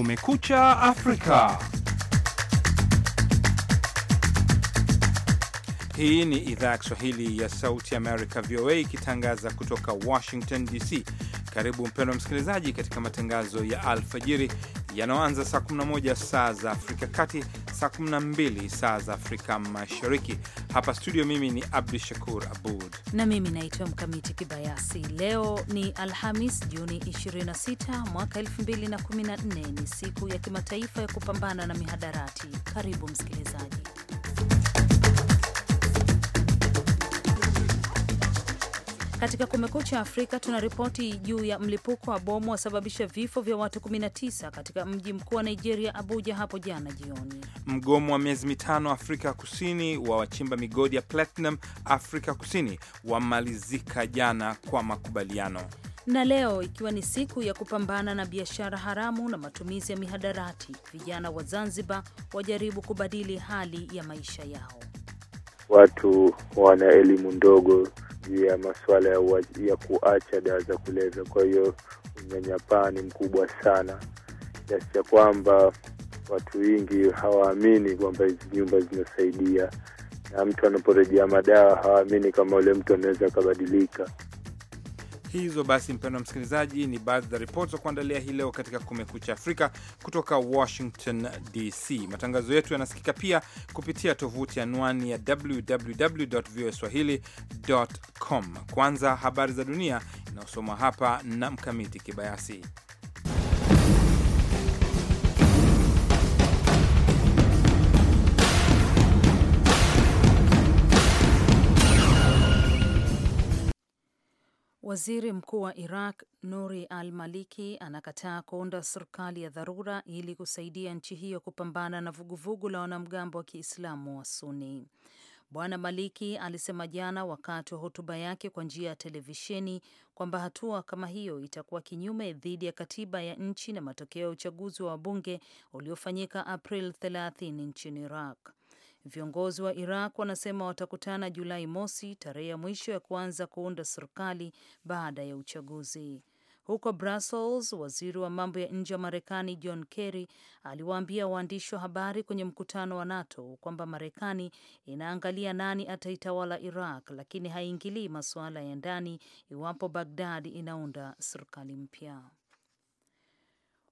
Kumekucha Afrika. Hii ni idhaa ya Kiswahili ya Sauti Amerika, VOA, ikitangaza kutoka Washington DC. Karibu mpendwa msikilizaji, katika matangazo ya alfajiri yanayoanza saa 11 saa za Afrika kati saa 12 saa za Afrika Mashariki. Hapa studio, mimi ni Abdu Shakur Abud na mimi naitwa Mkamiti Kibayasi. Leo ni Alhamis, Juni 26 mwaka 2014. Ni siku ya kimataifa ya kupambana na mihadarati. Karibu msikilizaji. Katika Kumekucha Afrika tuna ripoti juu ya mlipuko wa bomu wasababisha vifo vya watu 19 katika mji mkuu wa Nigeria, Abuja, hapo jana jioni. Mgomo wa miezi mitano Afrika Kusini wa wachimba migodi ya platinum Afrika Kusini wamalizika jana kwa makubaliano. Na leo ikiwa ni siku ya kupambana na biashara haramu na matumizi ya mihadarati, vijana wa Zanzibar wajaribu kubadili hali ya maisha yao. Watu wana elimu ndogo juu ya masuala ya, ya kuacha dawa za kulevya. Kwa hiyo unyanyapaa ni mkubwa sana kiasi cha kwamba watu wengi hawaamini kwamba hizi nyumba zinasaidia, na mtu anaporejea madawa hawaamini kama ule mtu anaweza akabadilika hizo basi, mpendwa msikilizaji, ni baadhi ya ripoti za kuandalia hii leo katika Kumekucha Afrika kutoka Washington DC. Matangazo yetu yanasikika pia kupitia tovuti anwani ya www voa swahili.com. Kwanza habari za dunia inayosoma hapa na Mkamiti Kibayasi. Waziri mkuu wa Iraq Nuri al Maliki anakataa kuunda serikali ya dharura ili kusaidia nchi hiyo kupambana na vuguvugu la wanamgambo wa Kiislamu wa Suni. Bwana Maliki alisema jana wakati wa hotuba yake kwa njia ya televisheni kwamba hatua kama hiyo itakuwa kinyume dhidi ya katiba ya nchi na matokeo ya uchaguzi wa wabunge uliofanyika April 30 nchini Iraq. Viongozi wa Iraq wanasema watakutana Julai mosi, tarehe ya mwisho ya kuanza kuunda serikali baada ya uchaguzi. Huko Brussels, waziri wa mambo ya nje wa Marekani John Kerry aliwaambia waandishi wa habari kwenye mkutano wa NATO kwamba Marekani inaangalia nani ataitawala Iraq, lakini haiingilii masuala ya ndani iwapo Bagdad inaunda serikali mpya.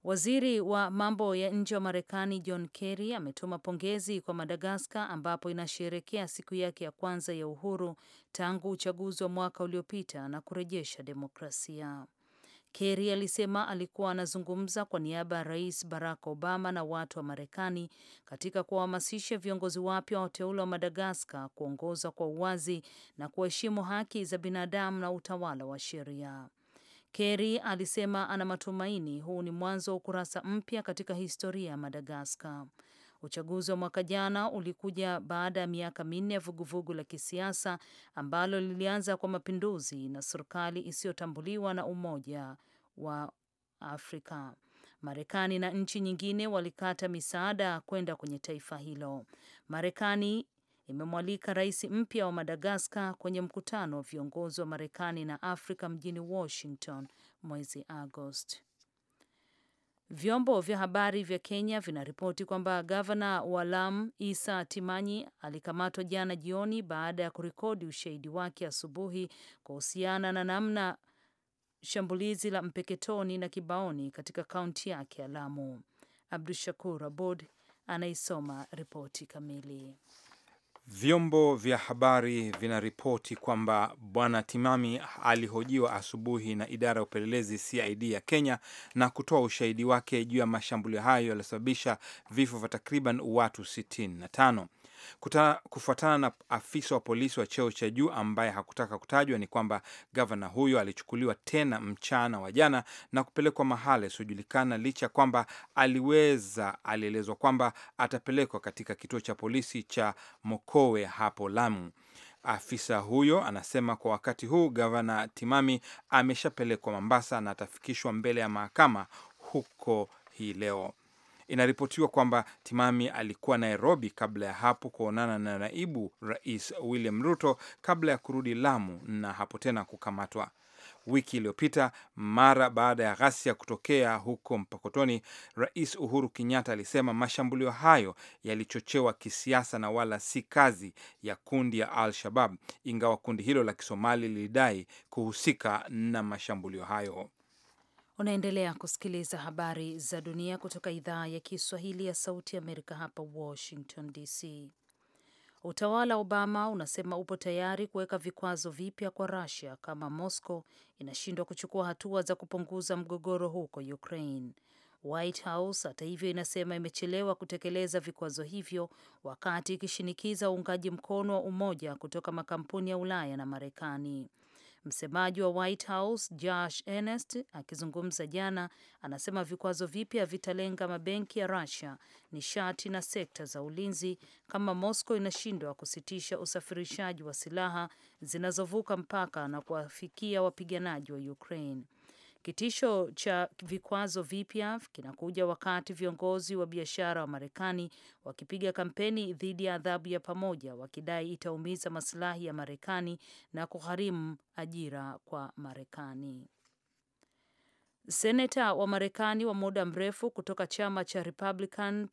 Waziri wa mambo ya nje wa Marekani John Kerry ametuma pongezi kwa Madagaskar ambapo inasherekea siku yake ya kwanza ya uhuru tangu uchaguzi wa mwaka uliopita na kurejesha demokrasia. Kerry alisema alikuwa anazungumza kwa niaba ya Rais Barack Obama na watu wa Marekani katika kuwahamasisha viongozi wapya wa wateule wa Madagaskar kuongoza kwa uwazi na kuheshimu haki za binadamu na utawala wa sheria. Kerry alisema ana matumaini huu ni mwanzo wa ukurasa mpya katika historia ya Madagaskar. Uchaguzi wa mwaka jana ulikuja baada ya miaka minne ya vuguvugu la kisiasa ambalo lilianza kwa mapinduzi na serikali isiyotambuliwa na Umoja wa Afrika. Marekani na nchi nyingine walikata misaada kwenda kwenye taifa hilo. Marekani imemwalika rais mpya wa Madagaskar kwenye mkutano wa viongozi wa Marekani na Afrika mjini Washington mwezi Agosti. Vyombo vya habari vya Kenya vinaripoti kwamba gavana wa Lamu Isa Timanyi alikamatwa jana jioni baada ya kurekodi ushahidi wake asubuhi kuhusiana na namna shambulizi la Mpeketoni na Kibaoni katika kaunti yake ya Lamu. Abdu Shakur Abod anaisoma ripoti kamili. Vyombo vya habari vinaripoti kwamba bwana Timami alihojiwa asubuhi na idara ya upelelezi CID ya Kenya na kutoa ushahidi wake juu ya mashambulio hayo yaliyosababisha vifo vya takriban watu 65. Kuta, kufuatana na afisa wa polisi wa cheo cha juu ambaye hakutaka kutajwa, ni kwamba gavana huyo alichukuliwa tena mchana wa jana na kupelekwa mahali yasiyojulikana licha ya kwamba aliweza alielezwa kwamba atapelekwa katika kituo cha polisi cha Mokowe hapo Lamu. Afisa huyo anasema kwa wakati huu gavana Timami ameshapelekwa Mombasa na atafikishwa mbele ya mahakama huko hii leo. Inaripotiwa kwamba Timami alikuwa Nairobi kabla ya hapo kuonana na naibu rais William Ruto kabla ya kurudi Lamu na hapo tena kukamatwa. Wiki iliyopita mara baada ya ghasia kutokea huko Mpokotoni, Rais Uhuru Kenyatta alisema mashambulio hayo yalichochewa kisiasa na wala si kazi ya kundi ya Al Shabab, ingawa kundi hilo la Kisomali lilidai kuhusika na mashambulio hayo. Unaendelea kusikiliza habari za dunia kutoka idhaa ya Kiswahili ya Sauti Amerika, hapa Washington DC. Utawala wa Obama unasema upo tayari kuweka vikwazo vipya kwa Russia kama Moscow inashindwa kuchukua hatua za kupunguza mgogoro huko Ukraine. White House hata hivyo inasema imechelewa kutekeleza vikwazo hivyo wakati ikishinikiza uungaji mkono wa umoja kutoka makampuni ya Ulaya na Marekani. Msemaji wa White House Josh Ernest akizungumza jana anasema vikwazo vipya vitalenga mabenki ya Russia, nishati na sekta za ulinzi kama Moscow inashindwa kusitisha usafirishaji wa silaha zinazovuka mpaka na kuwafikia wapiganaji wa Ukraine. Kitisho cha vikwazo vipya kinakuja wakati viongozi wa biashara wa Marekani wakipiga kampeni dhidi ya adhabu ya pamoja, wakidai itaumiza masilahi ya Marekani na kugharimu ajira kwa Marekani. Seneta wa Marekani wa muda mrefu kutoka chama cha Republican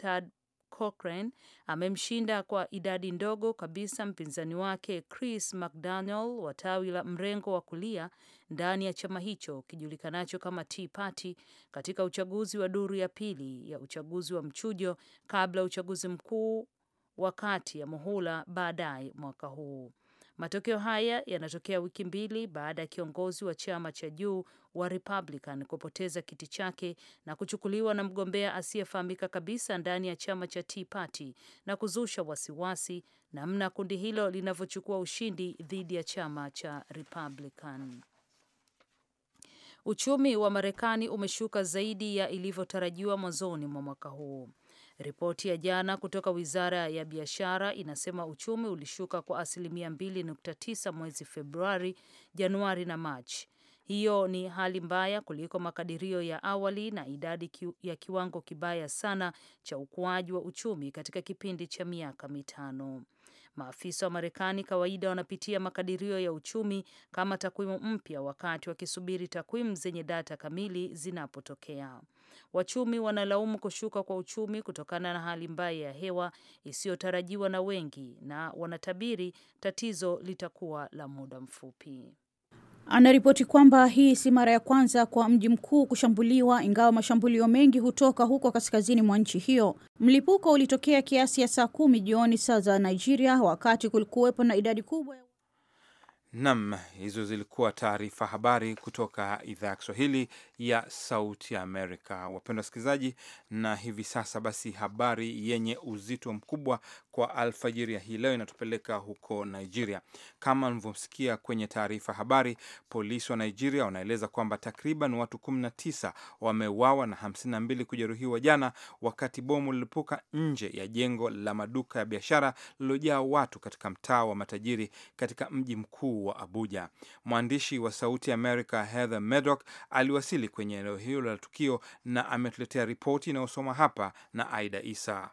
Cochrane amemshinda kwa idadi ndogo kabisa mpinzani wake Chris McDaniel wa tawi la mrengo wa kulia ndani ya chama hicho kijulikanacho kama Tea Party katika uchaguzi wa duru ya pili ya uchaguzi wa mchujo kabla uchaguzi mkuu wa kati ya muhula baadaye mwaka huu. Matokeo haya yanatokea wiki mbili baada ya kiongozi wa chama cha juu wa Republican kupoteza kiti chake na kuchukuliwa na mgombea asiyefahamika kabisa ndani ya chama cha Tea Party na kuzusha wasiwasi namna kundi hilo linavyochukua ushindi dhidi ya chama cha Republican. Uchumi wa Marekani umeshuka zaidi ya ilivyotarajiwa mwanzoni mwa mwaka huu. Ripoti ya jana kutoka wizara ya biashara inasema uchumi ulishuka kwa asilimia 2.9 mwezi Februari, Januari na Machi. Hiyo ni hali mbaya kuliko makadirio ya awali na idadi ya kiwango kibaya sana cha ukuaji wa uchumi katika kipindi cha miaka mitano. Maafisa wa Marekani kawaida wanapitia makadirio ya uchumi kama takwimu mpya wakati wakisubiri takwimu zenye data kamili zinapotokea. Wachumi wanalaumu kushuka kwa uchumi kutokana na hali mbaya ya hewa isiyotarajiwa na wengi, na wanatabiri tatizo litakuwa la muda mfupi. Anaripoti kwamba hii si mara ya kwanza kwa mji mkuu kushambuliwa, ingawa mashambulio mengi hutoka huko kaskazini mwa nchi hiyo. Mlipuko ulitokea kiasi ya saa kumi jioni saa za Nigeria, wakati kulikuwepo na idadi kubwa. Nam, hizo zilikuwa taarifa habari kutoka idhaa ya Kiswahili ya Sauti ya Amerika. Wapendwa wasikilizaji, na hivi sasa basi habari yenye uzito mkubwa kwa alfajiri ya hii leo inatupeleka huko Nigeria. Kama mlivyosikia kwenye taarifa habari, polisi wa Nigeria wanaeleza kwamba takriban watu 19 wameuawa na 52 kujeruhiwa jana wakati bomu lilipuka nje ya jengo la maduka ya biashara lililojaa watu katika mtaa wa matajiri katika mji mkuu wa Abuja. Mwandishi wa Sauti Amerika Heather Medock aliwasili waliwasili kwenye eneo hilo la tukio, na ametuletea ripoti inayosoma hapa na Aida Isa.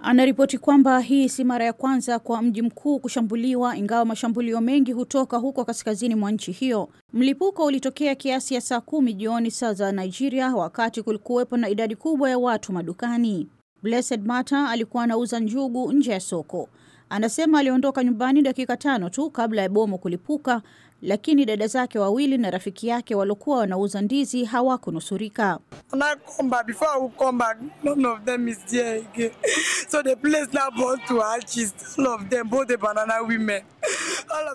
Anaripoti kwamba hii si mara ya kwanza kwa mji mkuu kushambuliwa, ingawa mashambulio mengi hutoka huko kaskazini mwa nchi hiyo. Mlipuko ulitokea kiasi ya saa kumi jioni saa za Nigeria, wakati kulikuwepo na idadi kubwa ya watu madukani. Blessed Mata alikuwa anauza njugu nje ya soko. Anasema aliondoka nyumbani dakika tano tu kabla ya bomu kulipuka lakini dada zake wawili na rafiki yake waliokuwa wanauza ndizi hawakunusurika.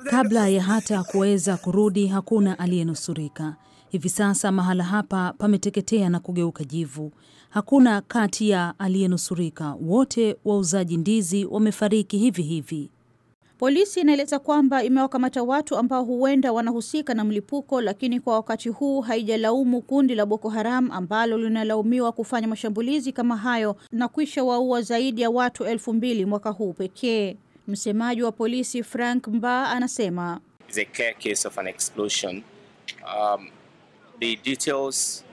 Kabla ya hata kuweza kurudi, hakuna aliyenusurika. Hivi sasa mahala hapa pameteketea na kugeuka jivu. Hakuna kati ya aliyenusurika, wote wauzaji ndizi wamefariki hivi hivi. Polisi inaeleza kwamba imewakamata watu ambao huenda wanahusika na mlipuko, lakini kwa wakati huu haijalaumu kundi la Boko Haram ambalo linalaumiwa kufanya mashambulizi kama hayo na kwisha waua zaidi ya watu elfu mbili mwaka huu pekee. Msemaji wa polisi Frank Mba anasema It's a case of an explosion. Um, the details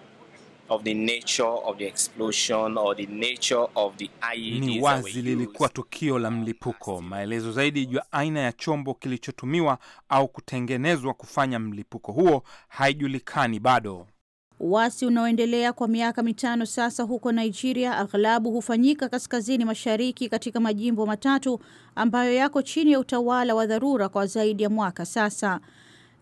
of the nature of the explosion or the nature of the IED. Ni wazi lilikuwa tukio la mlipuko. Maelezo zaidi juu ya aina ya chombo kilichotumiwa au kutengenezwa kufanya mlipuko huo haijulikani bado. Uasi unaoendelea kwa miaka mitano sasa huko Nigeria aghlabu hufanyika kaskazini mashariki katika majimbo matatu ambayo yako chini ya utawala wa dharura kwa zaidi ya mwaka sasa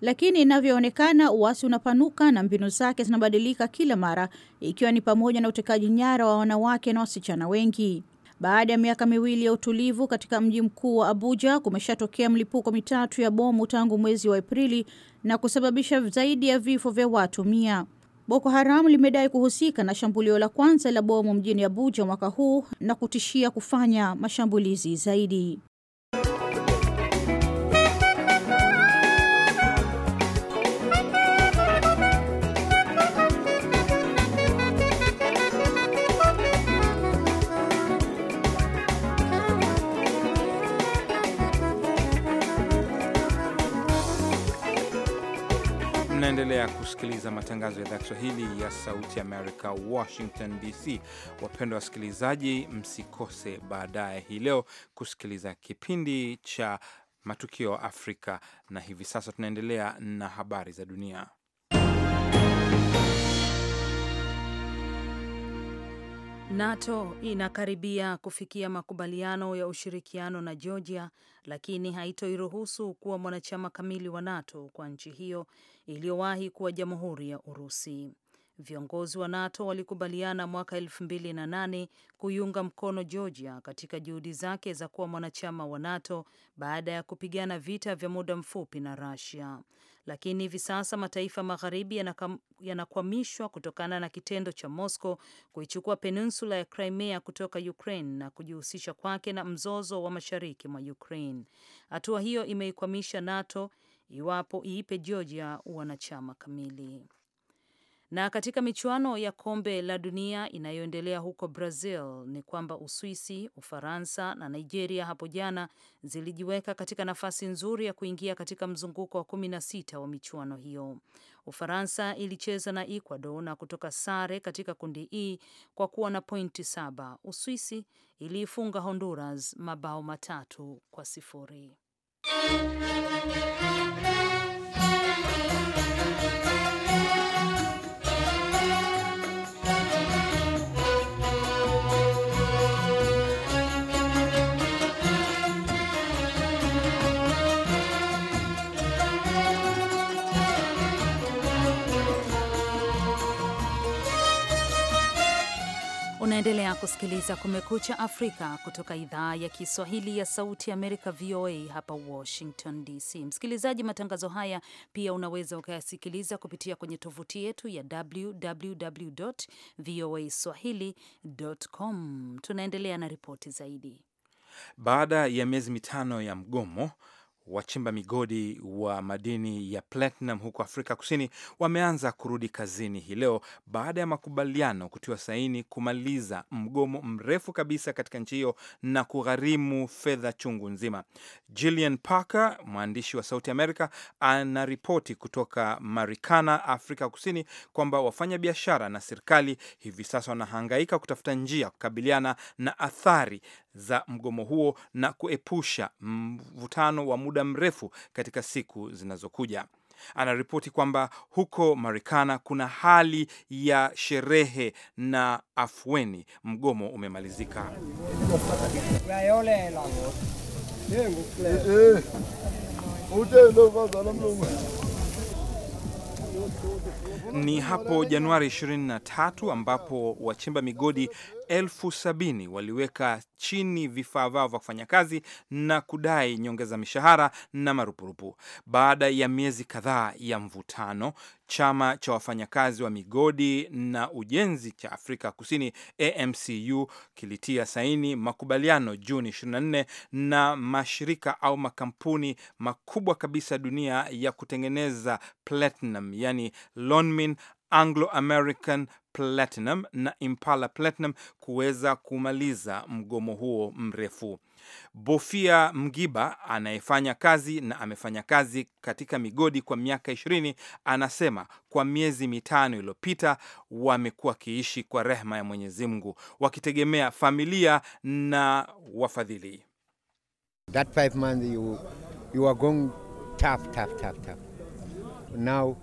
lakini inavyoonekana uasi unapanuka na mbinu zake zinabadilika kila mara, ikiwa ni pamoja na utekaji nyara wa wanawake na wasichana wengi. Baada ya miaka miwili ya utulivu katika mji mkuu wa Abuja, kumeshatokea mlipuko mitatu ya bomu tangu mwezi wa Aprili na kusababisha zaidi ya vifo vya watu mia. Boko Haram limedai kuhusika na shambulio la kwanza la bomu mjini Abuja mwaka huu na kutishia kufanya mashambulizi zaidi. Unaendelea kusikiliza matangazo ya idhaa Kiswahili ya Sauti Amerika, Washington DC. Wapendwa wasikilizaji, msikose baadaye hii leo kusikiliza kipindi cha Matukio Afrika, na hivi sasa tunaendelea na habari za dunia. NATO inakaribia kufikia makubaliano ya ushirikiano na Georgia lakini haitoiruhusu kuwa mwanachama kamili wa NATO kwa nchi hiyo iliyowahi kuwa jamhuri ya Urusi. Viongozi wa NATO walikubaliana mwaka nane kuiunga mkono Georgia katika juhudi zake za kuwa mwanachama wa NATO baada ya kupigana vita vya muda mfupi na Russia. Lakini hivi sasa mataifa magharibi yanakwamishwa kutokana na kitendo cha Moscow kuichukua peninsula ya Crimea kutoka Ukraine na kujihusisha kwake na mzozo wa mashariki mwa Ukraine. Hatua hiyo imeikwamisha NATO iwapo iipe Georgia wanachama kamili. Na katika michuano ya kombe la dunia inayoendelea huko Brazil ni kwamba Uswisi, Ufaransa na Nigeria hapo jana zilijiweka katika nafasi nzuri ya kuingia katika mzunguko wa kumi na sita wa michuano hiyo. Ufaransa ilicheza na Ecuador na kutoka sare katika kundi E kwa kuwa na pointi saba. Uswisi iliifunga Honduras mabao matatu kwa sifuri. Unaendelea kusikiliza Kumekucha Afrika kutoka idhaa ya Kiswahili ya Sauti Amerika, VOA hapa Washington DC. Msikilizaji, matangazo haya pia unaweza ukayasikiliza kupitia kwenye tovuti yetu ya www voa swahili.com. Tunaendelea na ripoti zaidi. Baada ya miezi mitano ya mgomo Wachimba migodi wa madini ya platinum huko Afrika Kusini wameanza kurudi kazini hii leo baada ya makubaliano kutiwa saini kumaliza mgomo mrefu kabisa katika nchi hiyo na kugharimu fedha chungu nzima. Gillian Parker, mwandishi wa Sauti america anaripoti kutoka Marikana, Afrika Kusini, kwamba wafanya biashara na serikali hivi sasa wanahangaika kutafuta njia kukabiliana na athari za mgomo huo na kuepusha mvutano wa muda muda mrefu katika siku zinazokuja. Anaripoti kwamba huko marekana kuna hali ya sherehe na afweni, mgomo umemalizika. Ni hapo Januari 23 ambapo wachimba migodi elfu sabini waliweka chini vifaa vao vya kufanya kazi na kudai nyongeza mishahara na marupurupu. Baada ya miezi kadhaa ya mvutano, chama cha wafanyakazi wa migodi na ujenzi cha Afrika Kusini AMCU kilitia saini makubaliano Juni 24 na mashirika au makampuni makubwa kabisa dunia ya kutengeneza platinum, yani Lonmin, Anglo American, Platinum na Impala Platinum kuweza kumaliza mgomo huo mrefu. Bofia Mgiba anayefanya kazi na amefanya kazi katika migodi kwa miaka ishirini anasema kwa miezi mitano iliyopita wamekuwa wakiishi kwa rehema ya Mwenyezi Mungu wakitegemea familia na wafadhili. That five months you, you are going tough, tough, tough, tough. Now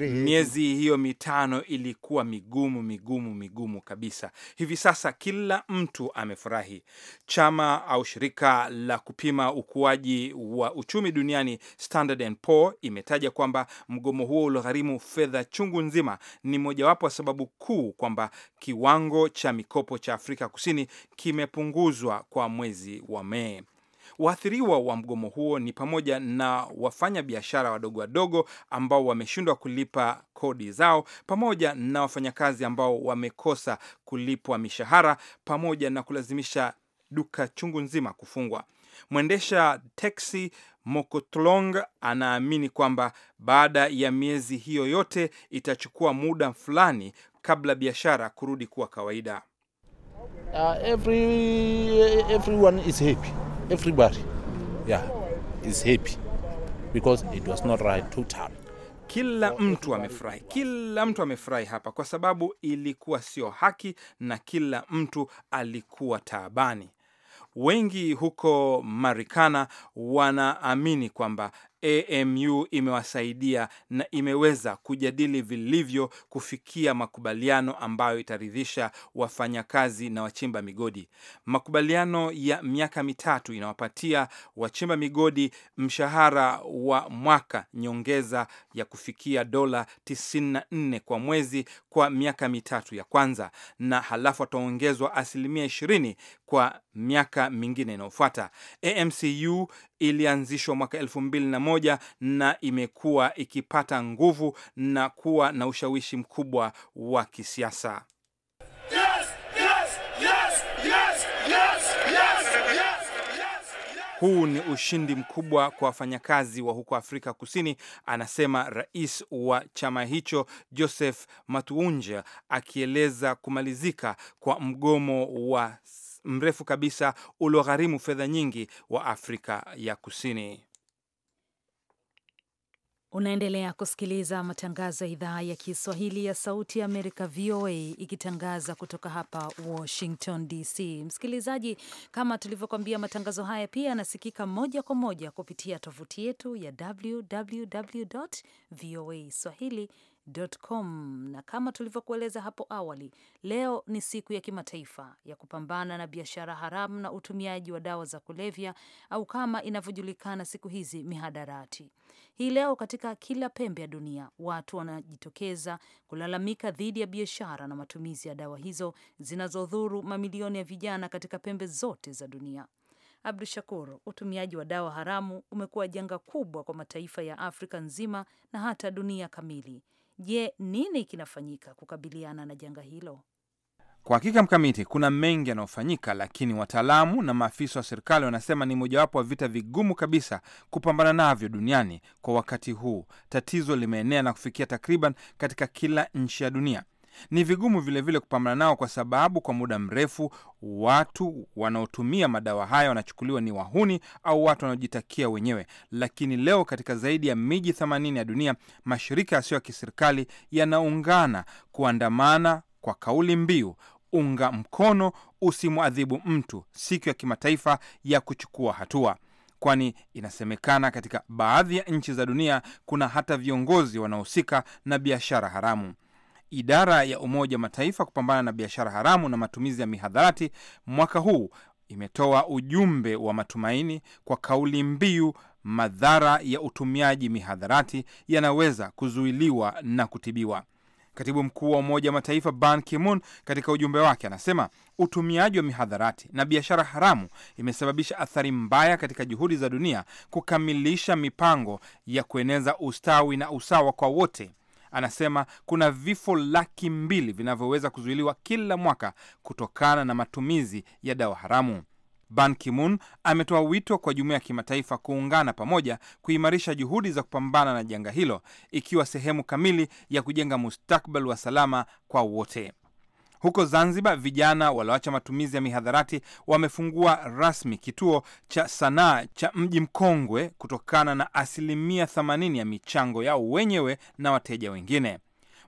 Miezi hiyo mitano ilikuwa migumu migumu migumu kabisa. Hivi sasa kila mtu amefurahi. Chama au shirika la kupima ukuaji wa uchumi duniani Standard and Poor imetaja kwamba mgomo huo uliogharimu fedha chungu nzima ni mojawapo wa sababu kuu kwamba kiwango cha mikopo cha Afrika Kusini kimepunguzwa kwa mwezi wa Mei. Waathiriwa wa mgomo huo ni pamoja na wafanya biashara wadogo wadogo ambao wameshindwa kulipa kodi zao, pamoja na wafanyakazi ambao wamekosa kulipwa mishahara, pamoja na kulazimisha duka chungu nzima kufungwa. Mwendesha teksi Mokotlong anaamini kwamba baada ya miezi hiyo yote itachukua muda fulani kabla biashara kurudi kuwa kawaida. Uh, every, everyone is happy everybody yeah, is happy because it was not right to tell. Kila mtu amefurahi, kila mtu amefurahi hapa kwa sababu ilikuwa sio haki na kila mtu alikuwa taabani. Wengi huko Marikana wanaamini kwamba AMU imewasaidia na imeweza kujadili vilivyo kufikia makubaliano ambayo itaridhisha wafanyakazi na wachimba migodi. Makubaliano ya miaka mitatu inawapatia wachimba migodi mshahara wa mwaka nyongeza ya kufikia dola 94 kwa mwezi kwa miaka mitatu ya kwanza, na halafu ataongezwa asilimia 20 kwa miaka mingine inayofuata. AMCU ilianzishwa mwaka elfu mbili na moja na imekuwa ikipata nguvu na kuwa na ushawishi mkubwa wa kisiasa. Huu ni ushindi mkubwa kwa wafanyakazi wa huko Afrika Kusini, anasema rais wa chama hicho Joseph Matuunja akieleza kumalizika kwa mgomo wa mrefu kabisa uliogharimu fedha nyingi wa Afrika ya Kusini. Unaendelea kusikiliza matangazo ya idhaa ya Kiswahili ya Sauti ya Amerika, VOA, ikitangaza kutoka hapa Washington DC. Msikilizaji, kama tulivyokuambia, matangazo haya pia yanasikika moja kwa moja kupitia tovuti yetu ya www voa swahili com. Na kama tulivyokueleza hapo awali, leo ni siku ya kimataifa ya kupambana na biashara haramu na utumiaji wa dawa za kulevya au kama inavyojulikana siku hizi mihadarati. Hii leo katika kila pembe ya dunia watu wanajitokeza kulalamika dhidi ya biashara na matumizi ya dawa hizo zinazodhuru mamilioni ya vijana katika pembe zote za dunia. Abdu Shakur, utumiaji wa dawa haramu umekuwa janga kubwa kwa mataifa ya Afrika nzima na hata dunia kamili. Je, nini kinafanyika kukabiliana na janga hilo? Kwa hakika Mkamiti, kuna mengi yanayofanyika, lakini wataalamu na maafisa wa serikali wanasema ni mojawapo wa vita vigumu kabisa kupambana navyo duniani kwa wakati huu. Tatizo limeenea na kufikia takriban katika kila nchi ya dunia. Ni vigumu vilevile kupambana nao kwa sababu kwa muda mrefu watu wanaotumia madawa haya wanachukuliwa ni wahuni au watu wanaojitakia wenyewe. Lakini leo katika zaidi ya miji 80 ya dunia, mashirika yasiyo ya kiserikali yanaungana kuandamana kwa kauli mbiu unga mkono usimwadhibu mtu, siku ya kimataifa ya kuchukua hatua, kwani inasemekana katika baadhi ya nchi za dunia kuna hata viongozi wanaohusika na biashara haramu idara ya Umoja Mataifa kupambana na biashara haramu na matumizi ya mihadharati mwaka huu imetoa ujumbe wa matumaini kwa kauli mbiu, madhara ya utumiaji mihadharati yanaweza kuzuiliwa na kutibiwa. Katibu mkuu wa Umoja wa Mataifa Ban Ki-moon katika ujumbe wake anasema utumiaji wa mihadharati na biashara haramu imesababisha athari mbaya katika juhudi za dunia kukamilisha mipango ya kueneza ustawi na usawa kwa wote anasema kuna vifo laki mbili vinavyoweza kuzuiliwa kila mwaka kutokana na matumizi ya dawa haramu. Ban Ki-moon ametoa wito kwa jumuiya ya kimataifa kuungana pamoja kuimarisha juhudi za kupambana na janga hilo, ikiwa sehemu kamili ya kujenga mustakbal wa salama kwa wote. Huko Zanzibar, vijana walioacha matumizi ya mihadharati wamefungua rasmi kituo cha sanaa cha Mji Mkongwe kutokana na asilimia 80 ya michango yao wenyewe na wateja wengine.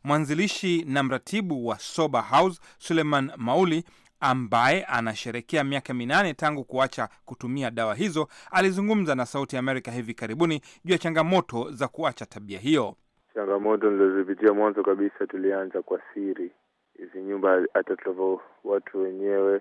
Mwanzilishi na mratibu wa Sober House Suleiman Mauli ambaye anasherekea miaka minane tangu kuacha kutumia dawa hizo alizungumza na Sauti ya Amerika hivi karibuni juu ya changamoto za kuacha tabia hiyo. Changamoto nilizozipitia mwanzo kabisa, tulianza kwa siri hizi nyumba hata tulivyo watu wenyewe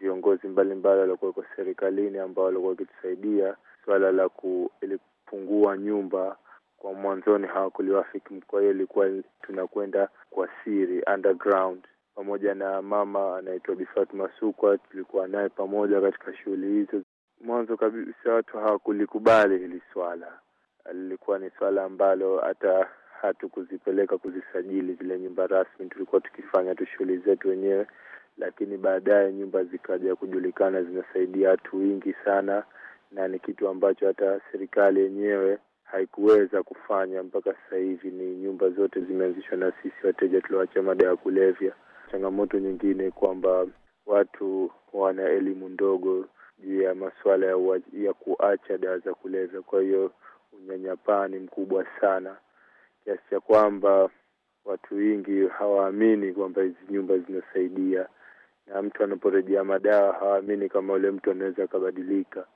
viongozi mbalimbali waliokuwa kwa serikalini ambao walikuwa wakitusaidia suala la kulipungua nyumba kwa mwanzoni hawakuliwafiki. Kwa hiyo ilikuwa tunakwenda kwa siri underground, pamoja na mama anaitwa bifat masukwa tulikuwa naye pamoja katika shughuli hizo. Mwanzo kabisa watu hawakulikubali hili swala, lilikuwa ni swala ambalo hata hatukuzipeleka kuzisajili zile nyumba rasmi, tulikuwa tukifanya tu shughuli zetu wenyewe, lakini baadaye nyumba zikaja kujulikana zinasaidia watu wengi sana, na ni kitu ambacho hata serikali yenyewe haikuweza kufanya mpaka sasa hivi. Ni nyumba zote zimeanzishwa na sisi wateja tulioacha madawa ya kulevya. Changamoto nyingine kwamba watu wana elimu ndogo juu ya masuala ya, ya kuacha dawa za kulevya, kwa hiyo unyanyapaa ni mkubwa sana kiasi cha kwamba watu wengi hawaamini kwamba hizi nyumba zinasaidia, na mtu anaporejea madawa hawaamini kama yule mtu anaweza akabadilika.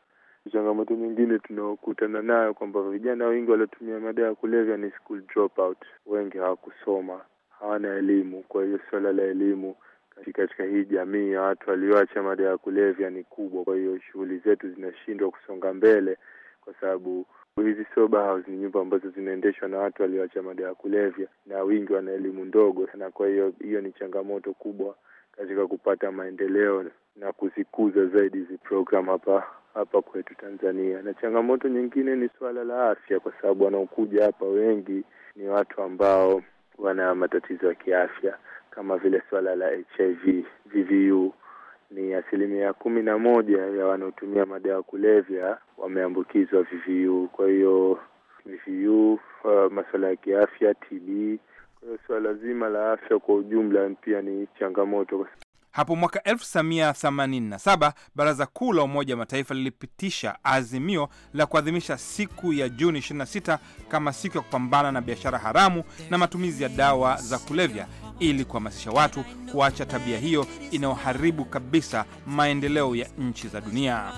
Changamoto nyingine tunaokutana nayo kwamba vijana wengi waliotumia madawa ya kulevya ni school dropout. Wengi hawakusoma, hawana elimu. Kwa hiyo suala la elimu katika hii jamii ya watu walioacha madawa ya kulevya ni kubwa. Kwa hiyo shughuli zetu zinashindwa kusonga mbele kwa sababu Hizi sober house ni nyumba ambazo zinaendeshwa na watu walioacha madawa ya kulevya, na wingi wana elimu ndogo sana. Kwa hiyo hiyo ni changamoto kubwa katika kupata maendeleo na kuzikuza zaidi hizi program hapa hapa kwetu Tanzania. Na changamoto nyingine ni suala la afya, kwa sababu wanaokuja hapa wengi ni watu ambao wana matatizo ya kiafya kama vile suala la HIV, VVU ni asilimia kumi na moja ya wanaotumia madawa ya kulevya wameambukizwa VVU. Kwa hiyo VVU, uh, masuala ya kiafya, TB, kwa hiyo suala zima la afya kwa ujumla pia ni changamoto. Hapo mwaka 1987 Baraza Kuu la Umoja wa Mataifa lilipitisha azimio la kuadhimisha siku ya Juni 26 kama siku ya kupambana na biashara haramu na matumizi ya dawa za kulevya ili kuhamasisha watu kuacha tabia hiyo inayoharibu kabisa maendeleo ya nchi za dunia.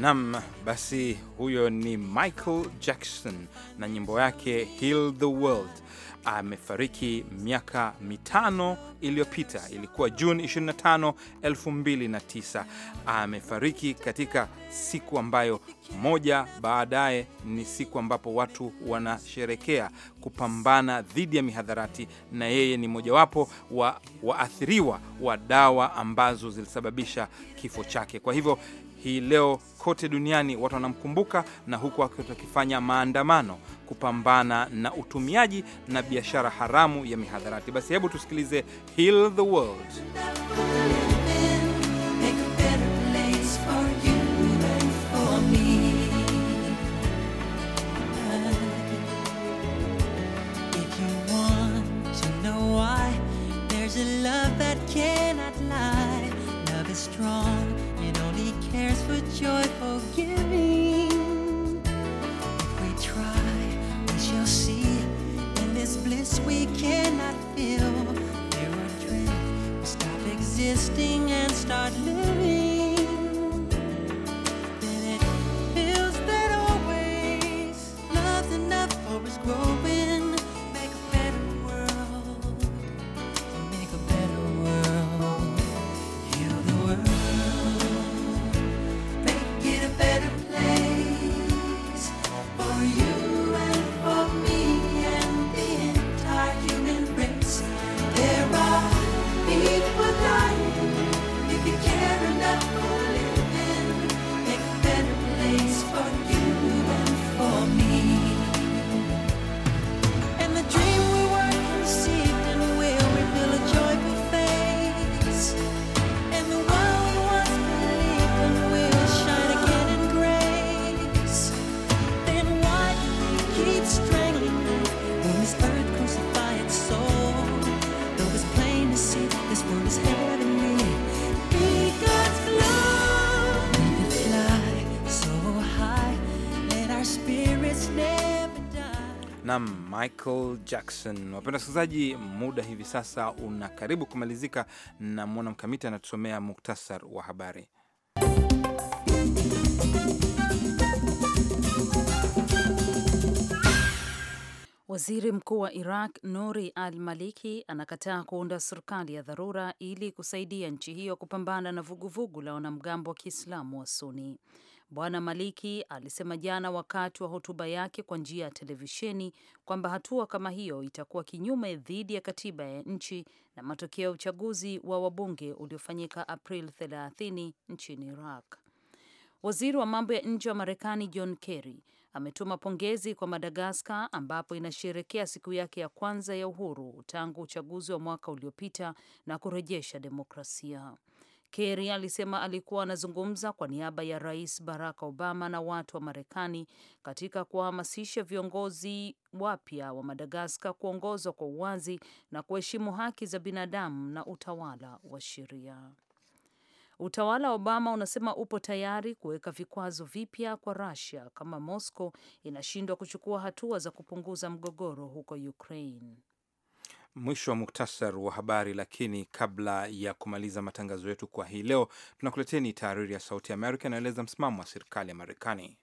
Nam, basi huyo ni Michael Jackson na nyimbo yake Heal the World amefariki miaka mitano iliyopita, ilikuwa Juni 25, 2009. Amefariki katika siku ambayo moja baadaye ni siku ambapo watu wanasherekea kupambana dhidi ya mihadharati, na yeye ni mojawapo wa waathiriwa wa dawa ambazo zilisababisha kifo chake. Kwa hivyo hii leo kote duniani watu wanamkumbuka, na huku akifanya maandamano kupambana na utumiaji na biashara haramu ya mihadharati. Basi hebu tusikilize Heal the World. Love that cannot lie. Love is strong. joyful giving. If we try, we shall see. In this bliss we cannot feel. We're adrift. We stop existing and start living. Jackson. Wapenda wasikilizaji, muda hivi sasa una karibu kumalizika, na mwana mkamiti anatusomea muktasar wa habari. Waziri mkuu wa Iraq Nuri al Maliki anakataa kuunda serikali ya dharura ili kusaidia nchi hiyo kupambana na vuguvugu la wanamgambo wa Kiislamu wa Suni. Bwana Maliki alisema jana wakati wa hotuba yake kwa njia ya televisheni kwamba hatua kama hiyo itakuwa kinyume dhidi ya katiba ya nchi na matokeo ya uchaguzi wa wabunge uliofanyika April 30 nchini Iraq. Waziri wa mambo ya nje wa Marekani John Kerry ametuma pongezi kwa Madagaskar ambapo inasherekea siku yake ya kwanza ya uhuru tangu uchaguzi wa mwaka uliopita na kurejesha demokrasia. Kerry alisema alikuwa anazungumza kwa niaba ya Rais Barack Obama na watu wa Marekani katika kuwahamasisha viongozi wapya wa Madagaskar kuongozwa kwa uwazi na kuheshimu haki za binadamu na utawala wa sheria. Utawala wa Obama unasema upo tayari kuweka vikwazo vipya kwa Russia kama Moscow inashindwa kuchukua hatua za kupunguza mgogoro huko Ukraine. Mwisho wa muktasar wa habari. Lakini kabla ya kumaliza matangazo yetu kwa hii leo, tunakuletea ni taariri ya Sauti Amerika inaeleza msimamo wa serikali ya Marekani.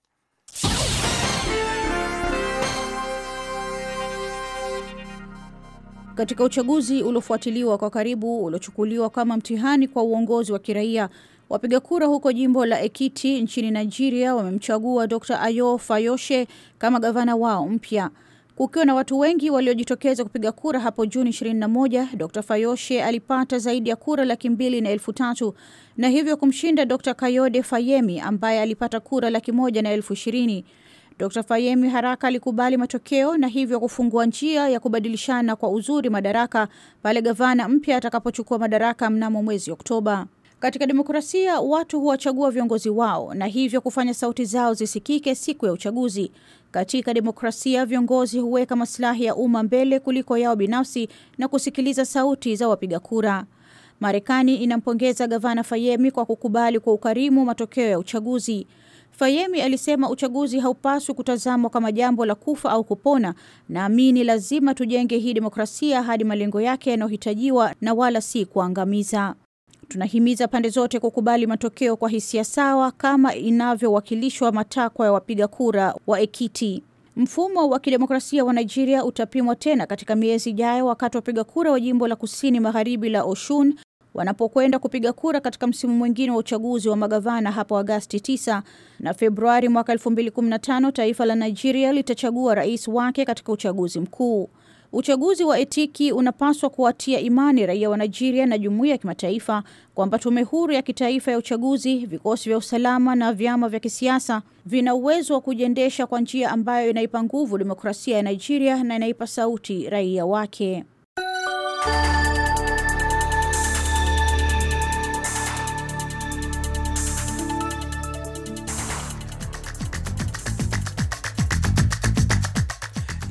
Katika uchaguzi uliofuatiliwa kwa karibu uliochukuliwa kama mtihani kwa uongozi wa kiraia, wapiga kura huko jimbo la Ekiti nchini Nigeria wamemchagua Dr Ayo Fayoshe kama gavana wao mpya. Kukiwa na watu wengi waliojitokeza kupiga kura hapo Juni 21, Dr Fayoshe alipata zaidi ya kura laki mbili na elfu tatu na hivyo kumshinda Dr Kayode Fayemi ambaye alipata kura laki moja na elfu ishirini. Dr Fayemi haraka alikubali matokeo na hivyo kufungua njia ya kubadilishana kwa uzuri madaraka pale gavana mpya atakapochukua madaraka mnamo mwezi Oktoba. Katika demokrasia watu huwachagua viongozi wao na hivyo kufanya sauti zao zisikike siku ya uchaguzi. Katika demokrasia viongozi huweka masilahi ya umma mbele kuliko yao binafsi na kusikiliza sauti za wapiga kura. Marekani inampongeza gavana Fayemi kwa kukubali kwa ukarimu matokeo ya uchaguzi. Fayemi alisema uchaguzi haupaswi kutazamwa kama jambo la kufa au kupona. Naamini lazima tujenge hii demokrasia hadi malengo yake yanayohitajiwa na wala si kuangamiza. Tunahimiza pande zote kukubali matokeo kwa hisia sawa kama inavyowakilishwa matakwa ya wapiga kura wa Ekiti. Mfumo wa kidemokrasia wa Nigeria utapimwa tena katika miezi ijayo, wakati wapiga kura wa jimbo la kusini magharibi la Oshun wanapokwenda kupiga kura katika msimu mwingine wa uchaguzi wa magavana hapo Agasti 9 na Februari mwaka 2015. Taifa la Nigeria litachagua rais wake katika uchaguzi mkuu. Uchaguzi wa etiki unapaswa kuwatia imani raia wa Nigeria na jumuiya ya kimataifa kwamba tume huru ya kitaifa ya uchaguzi, vikosi vya usalama na vyama vya kisiasa vina uwezo wa kujiendesha kwa njia ambayo inaipa nguvu demokrasia ya Nigeria na inaipa sauti raia wake.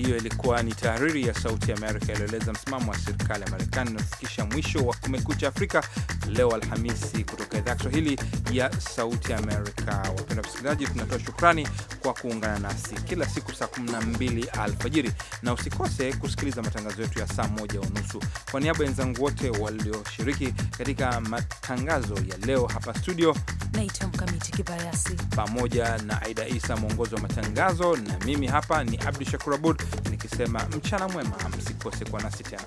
hiyo ilikuwa ni tahariri ya Sauti ya Amerika iliyoeleza msimamo wa serikali ya Marekani. Inaofikisha mwisho wa Kumekucha Afrika leo Alhamisi, kutoka idhaa ya Kiswahili ya Sauti Amerika. Wapenda wasikilizaji, tunatoa shukrani kwa kuungana nasi kila siku saa 12 alfajiri, na usikose kusikiliza matangazo yetu ya saa moja unusu. Kwa niaba ya wenzangu wote walioshiriki katika matangazo ya leo hapa studio, naitwa Mkamiti Kibayasi pamoja na Aida Isa mwongozi wa matangazo, na mimi hapa ni Abdu Shakur Abud nikisema mchana mwema, msikose kuwa nasi tena.